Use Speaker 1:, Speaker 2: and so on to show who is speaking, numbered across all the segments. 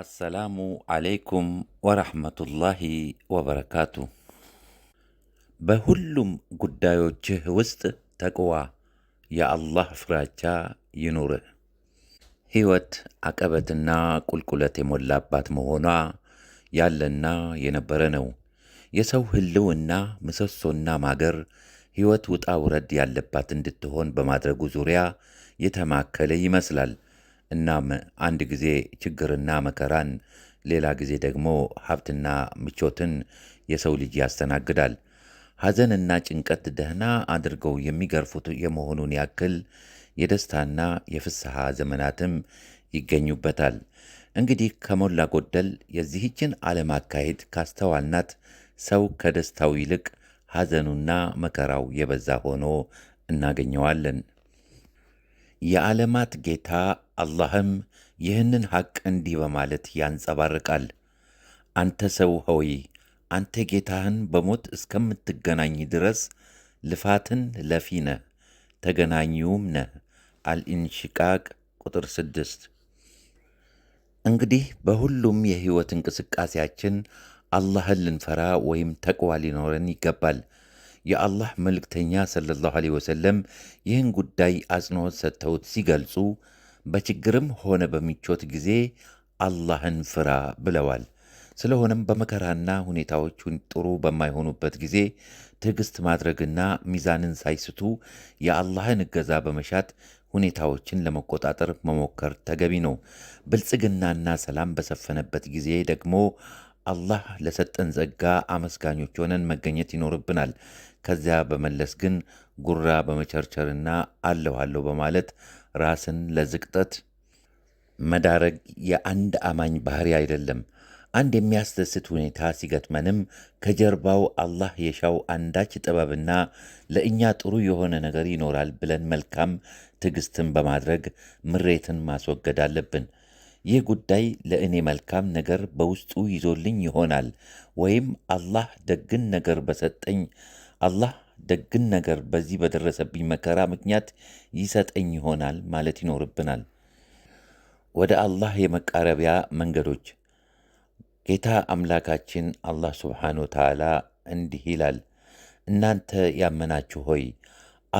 Speaker 1: አሰላሙ አለይኩም ወረሕመቱላሂ ወበረካቱ። በሁሉም ጉዳዮችህ ውስጥ ተቅዋ የአላህ ፍራቻ ይኑርህ። ሕይወት አቀበትና ቁልቁለት የሞላባት መሆኗ ያለና የነበረ ነው። የሰው ህልውና ምሰሶና ማገር ሕይወት ውጣ ውረድ ያለባት እንድትሆን በማድረጉ ዙሪያ የተማከለ ይመስላል። እናም አንድ ጊዜ ችግርና መከራን፣ ሌላ ጊዜ ደግሞ ሀብትና ምቾትን የሰው ልጅ ያስተናግዳል። ሐዘንና ጭንቀት ደህና አድርገው የሚገርፉት የመሆኑን ያክል የደስታና የፍስሐ ዘመናትም ይገኙበታል። እንግዲህ ከሞላ ጎደል የዚህችን ዓለም አካሄድ ካስተዋልናት ሰው ከደስታው ይልቅ ሐዘኑና መከራው የበዛ ሆኖ እናገኘዋለን። የዓለማት ጌታ አላህም ይህንን ሐቅ እንዲህ በማለት ያንጸባርቃል። አንተ ሰው ሆይ አንተ ጌታህን በሞት እስከምትገናኝ ድረስ ልፋትን ለፊ ነህ፣ ተገናኙም ነህ። አልኢንሽቃቅ ቁጥር ስድስት እንግዲህ በሁሉም የሕይወት እንቅስቃሴያችን አላህን ልንፈራ ወይም ተቅዋ ሊኖረን ይገባል። የአላህ መልእክተኛ ሰለላሁ ዐለይሂ ወሰለም ይህን ጉዳይ አጽንዖት ሰጥተውት ሲገልጹ በችግርም ሆነ በምቾት ጊዜ አላህን ፍራ ብለዋል። ስለሆነም በመከራና ሁኔታዎች ጥሩ በማይሆኑበት ጊዜ ትዕግሥት ማድረግና ሚዛንን ሳይስቱ የአላህን እገዛ በመሻት ሁኔታዎችን ለመቆጣጠር መሞከር ተገቢ ነው። ብልጽግናና ሰላም በሰፈነበት ጊዜ ደግሞ አላህ ለሰጠን ጸጋ አመስጋኞች ሆነን መገኘት ይኖርብናል። ከዚያ በመለስ ግን ጉራ በመቸርቸርና አለሁ አለሁ በማለት ራስን ለዝቅጠት መዳረግ የአንድ አማኝ ባህሪ አይደለም። አንድ የሚያስደስት ሁኔታ ሲገጥመንም ከጀርባው አላህ የሻው አንዳች ጥበብና ለእኛ ጥሩ የሆነ ነገር ይኖራል ብለን መልካም ትዕግስትን በማድረግ ምሬትን ማስወገድ አለብን። ይህ ጉዳይ ለእኔ መልካም ነገር በውስጡ ይዞልኝ ይሆናል ወይም አላህ ደግን ነገር በሰጠኝ አላህ ደግን ነገር በዚህ በደረሰብኝ መከራ ምክንያት ይሰጠኝ ይሆናል ማለት ይኖርብናል። ወደ አላህ የመቃረቢያ መንገዶች ጌታ አምላካችን አላህ ስብሓን ወተዓላ እንዲህ ይላል፣ እናንተ ያመናችሁ ሆይ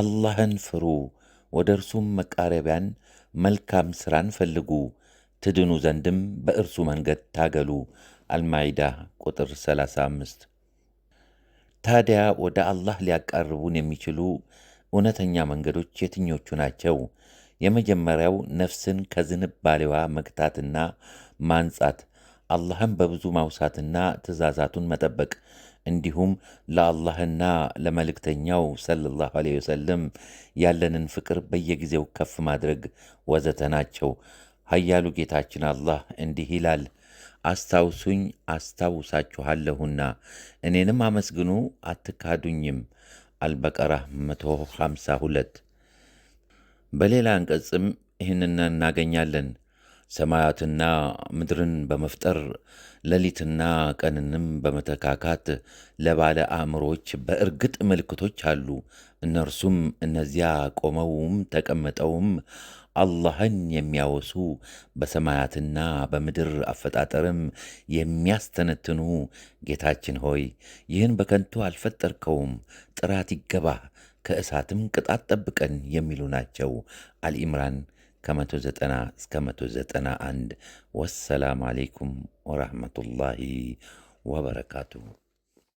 Speaker 1: አላህን ፍሩ፣ ወደ እርሱም መቃረቢያን መልካም ሥራን ፈልጉ ትድኑ ዘንድም በእርሱ መንገድ ታገሉ። አልማይዳ ቁጥር 35 ታዲያ ወደ አላህ ሊያቃርቡን የሚችሉ እውነተኛ መንገዶች የትኞቹ ናቸው? የመጀመሪያው ነፍስን ከዝንባሌዋ መግታትና ማንጻት፣ አላህን በብዙ ማውሳትና ትእዛዛቱን መጠበቅ እንዲሁም ለአላህና ለመልእክተኛው ሰለላሁ ዐለይሂ ወሰለም ያለንን ፍቅር በየጊዜው ከፍ ማድረግ ወዘተ ናቸው። ኃያሉ ጌታችን አላህ እንዲህ ይላል፣ አስታውሱኝ አስታውሳችኋለሁና፣ እኔንም አመስግኑ አትካዱኝም። አልበቀራ 152 በሌላ አንቀጽም ይህንን እናገኛለን። ሰማያትና ምድርን በመፍጠር ሌሊትና ቀንንም በመተካካት ለባለ አእምሮች በእርግጥ ምልክቶች አሉ። እነርሱም እነዚያ ቆመውም ተቀምጠውም አላህን የሚያወሱ በሰማያትና በምድር አፈጣጠርም የሚያስተነትኑ ጌታችን ሆይ ይህን በከንቱ አልፈጠርከውም፣ ጥራት ይገባህ፣ ከእሳትም ቅጣት ጠብቀን የሚሉ ናቸው። አልኢምራን ከ190 እስከ 191 ወሰላም አሌይኩም ወራህመቱላሂ ወበረካቱሁ።